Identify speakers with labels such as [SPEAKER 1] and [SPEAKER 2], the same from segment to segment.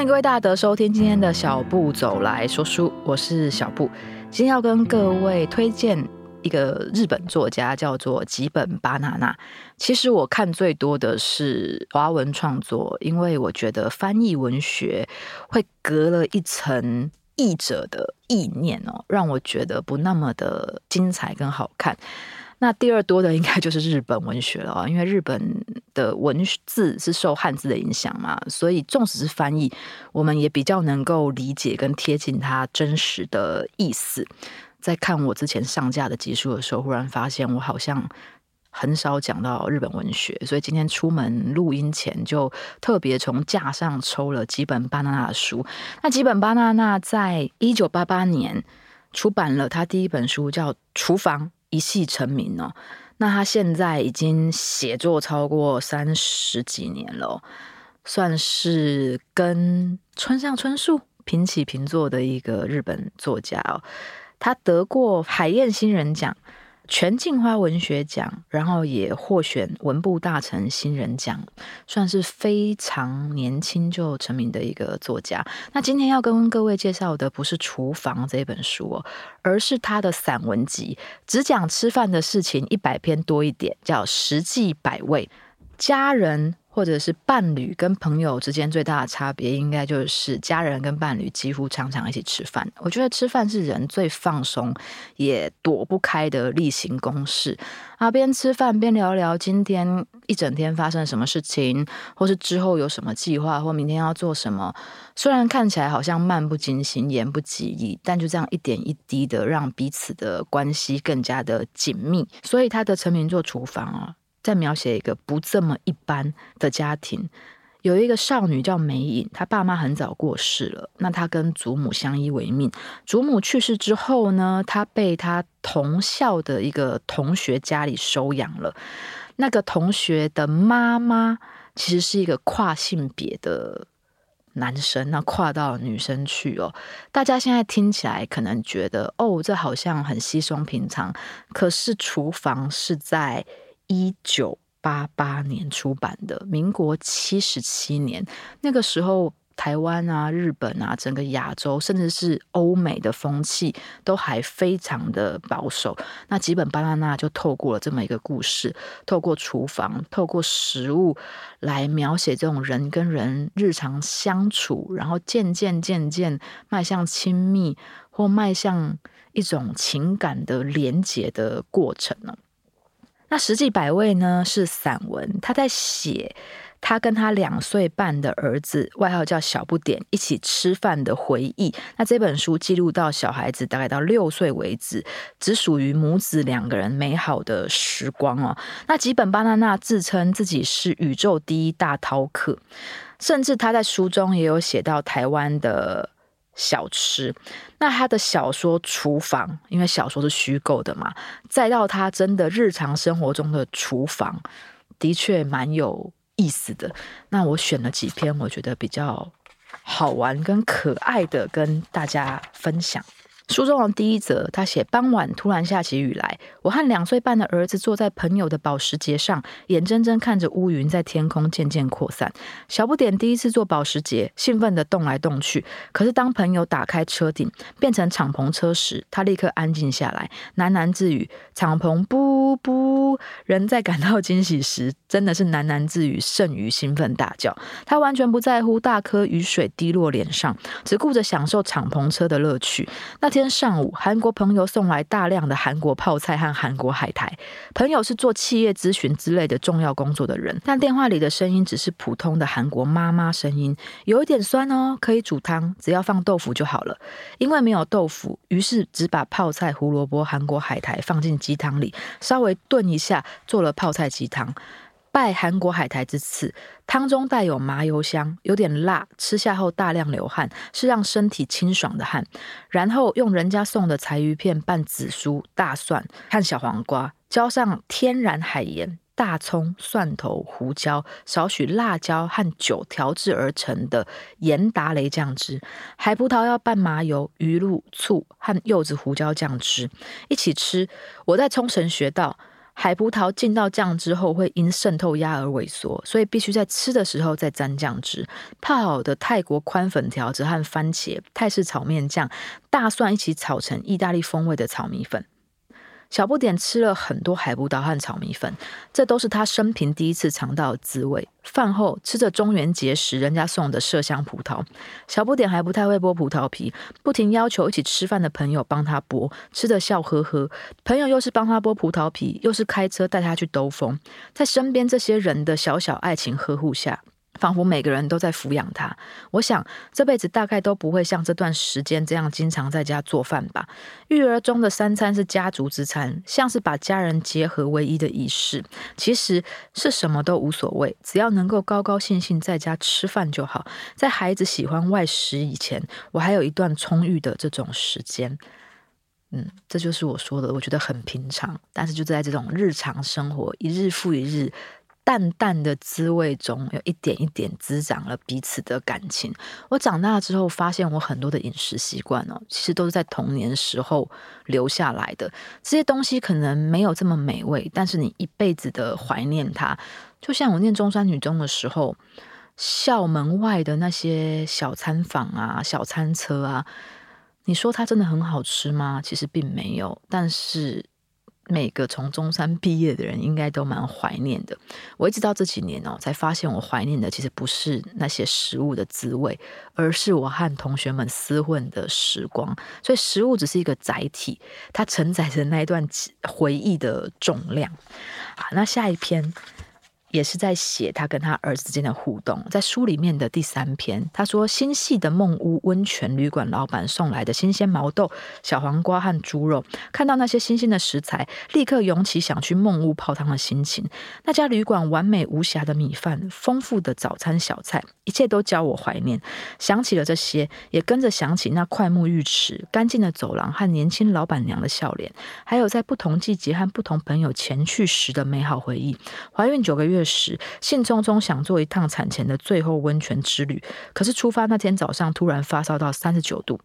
[SPEAKER 1] 歡迎各位大德收聽今天的小步走來說書，我是小步。今天要跟各位推薦一個日本作家叫做吉本芭娜娜。其實我看最多的是華文創作，因為我覺得翻譯文學會隔了一層譯者的意念哦，讓我覺得不那麼的精彩跟好看。那第二多的應該就是日本文學了，哦，因為日本。的文字是受漢字的影響嘛，所以縱使是翻譯，我們也比較能夠理解跟貼近它真實的意思。在看我之前上架的集數的時候，忽然發現我好像很少講到日本文學，所以今天出門錄音前就特別從架上抽了幾本芭娜娜的書。那幾本芭娜娜在一九八八年出版了他第一本書，叫《廚房》，一夕成名哦。那他現在已經寫作超過三十幾年了哦，算是跟村上春樹平起平坐的一個日本作家哦。他得過海燕新人獎。全鏡花文學獎，然後也獲選文部大臣新人獎，算是非常年輕就成名的一個作家。那今天要跟各位介紹的不是《廚房》這本書哦，而是他的散文集，只講吃飯的事情，一百篇多一點，叫《食記百味》，家人。或者是伴侶跟朋友之間最大的差別，應該就是家人跟伴侶幾乎常常一起吃飯。我覺得吃飯是人最放鬆也躲不開的例行公事啊，邊吃飯邊聊聊今天一整天發生什麼事情，或是之後有什麼計劃，或明天要做什麼。雖然看起來好像漫不經心、言不及義，但就這樣一點一滴的讓彼此的關係更加的緊密。所以他的成名作《廚房》啊。再描寫一個不這麼一般的家庭，有一個少女叫美影，她爸媽很早過世了，那她跟祖母相依為命。祖母去世之後呢，她被她同校的一個同學家裡收養了。那個同學的媽媽其實是一個跨性別的男生，那跨到女生去哦。大家現在聽起來可能覺得哦，這好像很稀鬆平常，可是廚房是在。一九八八年出版的，民國七十七年，那個時候台灣啊、日本啊、整個亞洲，甚至是歐美的風氣都還非常的保守。那吉本芭娜娜就透過了這麼一個故事，透過廚房、透過食物，來描寫這種人跟人日常相處，然後漸漸、漸漸邁向親密，或邁向一種情感的連結的過程呢。那《食記百味》呢是散文，他在寫他跟他兩歲半的兒子，外號叫小不點，一起吃飯的回憶。那這本書記錄到小孩子大概到六歲為止，只屬於母子兩個人美好的時光哦。那吉本芭娜娜自稱自己是宇宙第一大饕客，甚至他在書中也有寫到台灣的。小吃，那他的小說廚房，因為小說是虛構的嘛，再到他真的日常生活中的廚房，的確蠻有意思的。那我選了幾篇我覺得比較好玩跟可愛的，跟大家分享。書中第一則，他寫傍晚突然下起雨來，我和兩歲半的兒子坐在朋友的保時捷上，眼睜睜看着烏雲在天空漸漸擴散。小不點第一次坐保時捷，興奮地動來動去。可是當朋友打開車頂，變成敞篷車時，他立刻安靜下來，喃喃自語：“敞篷，不不噗噗。”人在感到驚喜時，真的是喃喃自語勝於興奮大叫。他完全不在乎大顆雨水滴落臉上，只顧着享受敞篷車的樂趣。那天。今天上午，韓國朋友送來大量的韓國泡菜和韓國海苔。朋友是做企業諮詢之類的重要工作的人，但電話裡的聲音只是普通的韓國媽媽聲音，有一點酸哦，可以煮湯，只要放豆腐就好了。因為沒有豆腐，於是只把泡菜、胡蘿蔔、韓國海苔放進雞湯裡，稍微燉一下，做了泡菜雞湯。拜韓國海苔之賜，湯中帶有麻油香，有點辣，吃下後大量流汗，是讓身體清爽的汗。然後用人家送的柴魚片拌紫蘇、大蒜和小黃瓜，澆上天然海鹽、大蔥、蒜頭、胡椒、少許辣椒和酒調製而成的鹽達雷醬汁。海葡萄要拌麻油、魚露、醋和柚子胡椒醬汁一起吃。我在沖繩學到。海葡萄浸到醬汁後會因滲透壓而萎縮，所以必須在吃的時候再沾醬汁。泡好的泰國寬粉條子和番茄、泰式炒面醬、大蒜一起炒成意大利風味的炒米粉。小不點吃了很多海葡萄和炒米粉，這都是他生平第一次嚐到的滋味。飯後吃着中元節時人家送的麝香葡萄，小不點還不太會剝葡萄皮，不停要求一起吃飯的朋友幫他剝，吃得笑呵呵。朋友又是幫他剝葡萄皮，又是開車帶他去兜風，在身邊這些人的小小愛情呵護下。仿佛每個人都在撫養他。我想，這輩子大概都不會像這段時間這樣經常在家做飯吧。育兒中的三餐是家族之餐，像是把家人結合為唯一的儀式。其實是什麼都無所謂，只要能夠高高興興在家吃飯就好。在孩子喜歡外食以前，我還有一段充裕的這種時間。嗯，這就是我說的，我覺得很平常，但是就在這種日常生活，一日復一日。淡淡的滋味中，有一點一點滋長了彼此的感情。我長大了之後發現，我很多的飲食習慣哦，其實都是在童年時候留下來的。這些東西可能沒有這麼美味，但是你一輩子的懷念它。就像我念中山女中的時候，校門外的那些小餐坊啊、小餐車啊，你說它真的很好吃嗎？其實並沒有，但是。每個從中山畢業的人應該都蠻懷念的。我一直到這幾年哦，才發現我懷念的其實不是那些食物的滋味，而是我和同學們廝混的時光。所以食物只是一個載體，它承載着那一段回憶的重量。好，啊，那下一篇。也是在寫他跟他兒子之間的互動，在書裡面的第三篇，他說：“新潟的夢屋溫泉旅館老板送來的新鮮毛豆、小黃瓜和豬肉，看到那些新鮮的食材，立刻湧起想去夢屋泡湯的心情。那家旅館完美無瑕的米飯、豐富的早餐小菜，一切都教我懷念。想起了這些，也跟着想起那塊沐浴池、乾淨的走廊和年輕老板娘的笑臉，還有在不同季節和不同朋友前去時的美好回憶。懷孕九個月。”這時，興沖沖想做一趟產前的最後溫泉之旅，可是出發那天早上突然發燒到三十九度，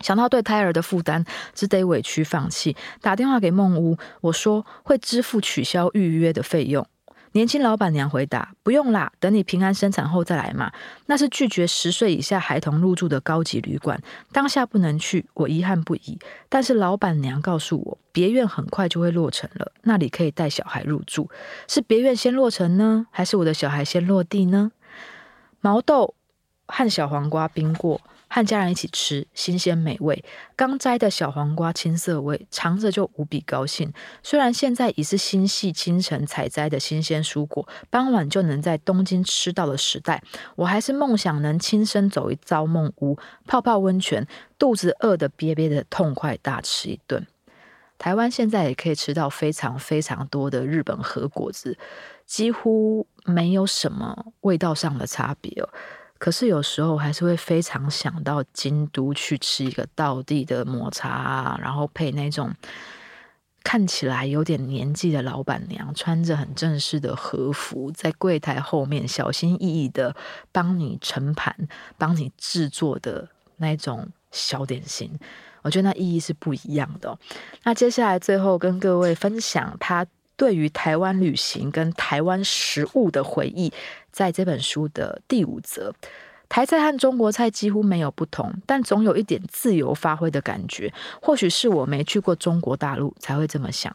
[SPEAKER 1] 想到對胎兒的負擔，只得委屈放棄。打電話給夢屋，我說會支付取消預約的費用。年輕老闆娘回答：“不用啦，等你平安生產後再來嘛。那是拒絕十歲以下孩童入住的高級旅館，當下不能去，我遺憾不已。但是老闆娘告訴我，別院很快就會落成了，那裡可以帶小孩入住。是別院先落成呢？還是我的小孩先落地呢？”毛豆和小黃瓜冰過。和家人一起吃新鮮美味、剛摘的小黃瓜，青澀味，嚐着就無比高興。雖然現在已是新系清晨採摘的新鮮蔬果，傍晚就能在東京吃到的時代，我還是夢想能親身走一遭夢屋，泡泡溫泉，肚子餓得憋憋的，痛快大吃一頓。台灣現在也可以吃到非常非常多的日本和果子，幾乎沒有什麼味道上的差別哦。可是有時候還是會非常想到京都去吃一個道地的抹茶啊，然後配那種看起來有點年紀的老板娘，穿着很正式的和服，在櫃檯後面小心翼翼的幫你盛盤、幫你制作的那種小點心，我覺得那意義是不一樣的哦。那接下來最後跟各位分享它。對於台灣旅行跟台灣食物的回憶，在這本書的第五則，台菜和中國菜幾乎沒有不同，但總有一點自由發揮的感覺。或許是我沒去過中國大陸才會這麼想，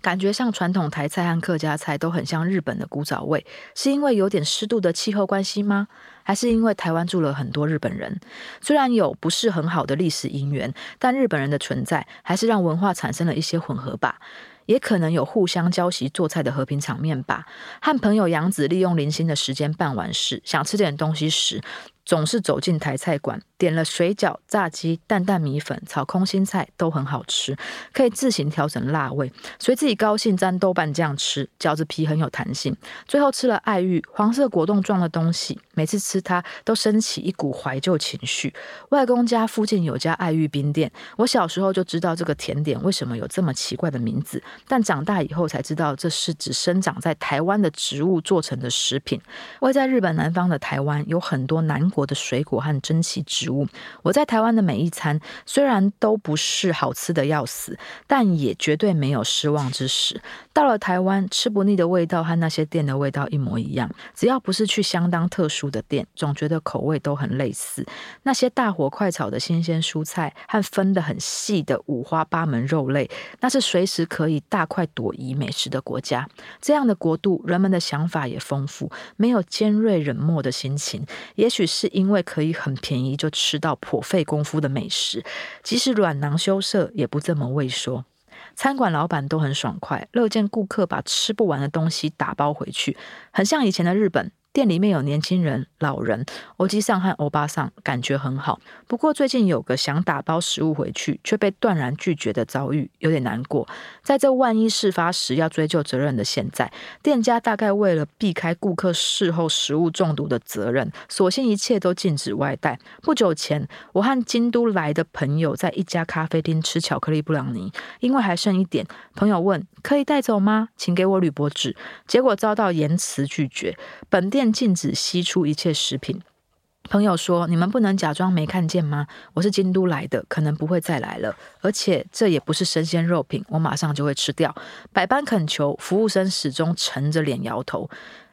[SPEAKER 1] 感覺像傳統台菜和客家菜都很像日本的古早味，是因為有點濕度的氣候關係嗎？還是因為台灣住了很多日本人？雖然有不是很好的歷史因緣，但日本人的存在還是讓文化產生了一些混合吧。也可能有互相教習做菜的和平場面吧。和朋友楊子利用零星的時間辦完事，想吃點東西時，總是走進台菜館，點了水餃、炸雞、擔擔米粉、炒空心菜，都很好吃，可以自行調整辣味，隨自己高興沾豆瓣醬吃。餃子皮很有彈性，最後吃了愛玉，黃色果凍狀的東西，每次吃它都升起一股懷舊情緒。外公家附近有家愛玉冰店，我小時候就知道這個甜點為什麼有這麼奇怪的名字，但長大以後才知道這是只生長在台灣的植物做成的食品。位在日本南方的台灣，有很多南。國的水果和珍奇植物，我在台灣的每一餐雖然都不是好吃的要死，但也絕對沒有失望之時。到了台灣，吃不膩的味道和那些店的味道一模一樣，只要不是去相當特殊的店，總覺得口味都很類似。那些大火快炒的新鮮蔬菜和分得很細的五花八門肉類，那是隨時可以大快朵頤美食的國家。這樣的國度，人們的想法也豐富，沒有尖銳冷漠的心情，也許是。是因為可以很便宜就吃到頗費功夫的美食，即使阮囊羞澀也不這麼畏縮。餐館老板都很爽快，樂見顧客把吃不完的東西打包回去，很像以前的日本。店裡面有年輕人、老人，歐吉桑和歐巴桑，感覺很好。不過最近有個想打包食物回去卻被斷然拒絕的遭遇，有點難過。在這萬一事發時要追究責任的現在，店家大概為了避開顧客事後食物中毒的責任，索性一切都禁止外帶。不久前，我和京都來的朋友在一家咖啡廳吃巧克力布朗尼，因為還剩一點，朋友問可以帶走嗎？請給我鋁箔紙。結果遭到嚴詞拒絕。本店。禁止吸出一切食品。朋友說：“你們不能假裝沒看見嗎？”我是京都來的，可能不會再來了，而且這也不是生鮮肉品，我馬上就會吃掉。百般懇求，服務生始終沉着臉搖頭，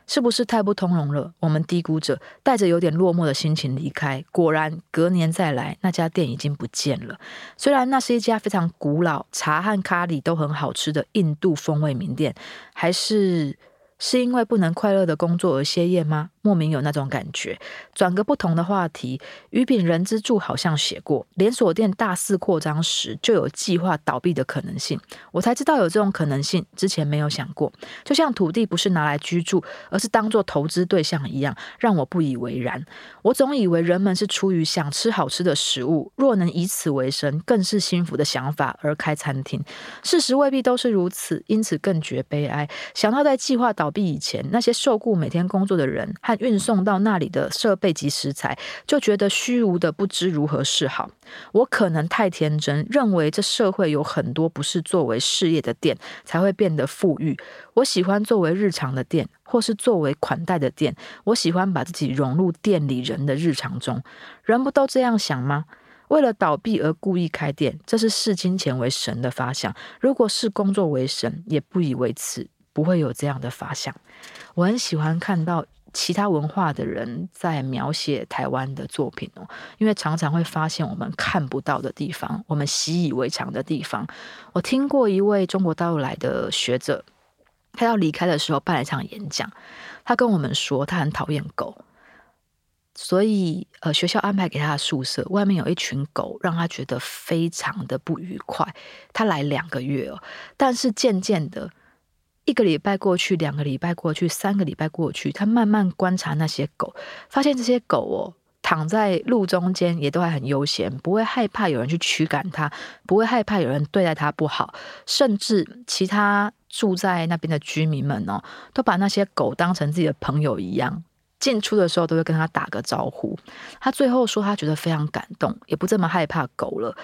[SPEAKER 1] 是不是太不通融了？我們低估着，帶着有點落寞的心情離開。果然，隔年再來，那家店已經不見了。雖然那是一家非常古老、茶和咖喱都很好吃的印度風味名店，還是。是因為不能快樂的工作而歇業嗎？莫名有那種感覺。轉個不同的話題，余炳人之著好像寫過，連鎖店大肆擴張時就有計劃倒閉的可能性。我才知道有這種可能性，之前沒有想過。就像土地不是拿來居住，而是當做投資對象一樣，讓我不以為然。我總以為人們是出於想吃好吃的食物，若能以此為生，更是幸福的想法而開餐廳。事實未必都是如此，因此更覺悲哀。想到在計劃倒。倒閉以前，那些受雇每天工作的人和運送到那裡的設備及食材，就覺得虛無的不知如何是好。我可能太天真，認為這社會有很多不是作為事業的店才會變得富裕。我喜歡作為日常的店，或是作為款待的店。我喜歡把自己融入店裡人的日常中。人不都這樣想嗎？為了倒閉而故意開店，這是視金錢為神的發想。如果視工作為神，也不以為恥。不會有這樣的發想。我很喜歡看到其他文化的人在描寫台灣的作品哦，因為常常會發現我們看不到的地方，我們習以為常的地方。我聽過一位中國大陸來的學者，他要離開的時候辦了一場演講，他跟我們說他很討厭狗，所以呃，學校安排給他的宿舍外面有一群狗，讓他覺得非常的不愉快。他來兩個月哦，但是漸漸的。一個禮拜過去，兩個禮拜過去，三個禮拜過去，他慢慢觀察那些狗，發現這些狗哦，躺在路中間也都還很悠閒，不會害怕有人去驅趕它，不會害怕有人對待它不好，甚至其他住在那邊的居民們哦，都把那些狗當成自己的朋友一樣，進出的時候都會跟他打個招呼。他最後說，他覺得非常感動，也不這麼害怕狗了，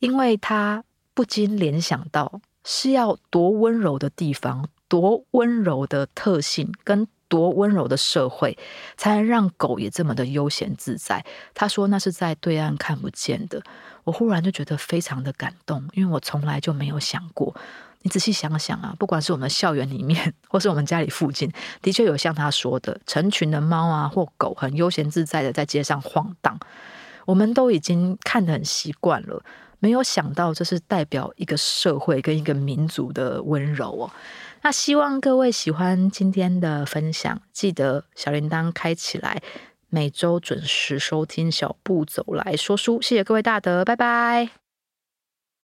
[SPEAKER 1] 因為他不禁聯想到是要多溫柔的地方。多溫柔的特性跟多溫柔的社會，才能讓狗也這麼的悠閒自在。他說那是在對岸看不見的，我忽然就覺得非常的感動，因為我從來就沒有想過。你仔細想想啊，不管是我們校園裡面，或是我們家裡附近，的確有像他說的，成群的貓啊或狗，很悠閒自在的在街上晃蕩，我們都已經看得很習慣了。沒有想到，這是代表一個社會跟一個民族的溫柔哦。那希望各位喜歡今天的分享，記得小鈴鐺開起來，每周準時收聽《小步走來說書》。謝謝各位，大德，拜拜。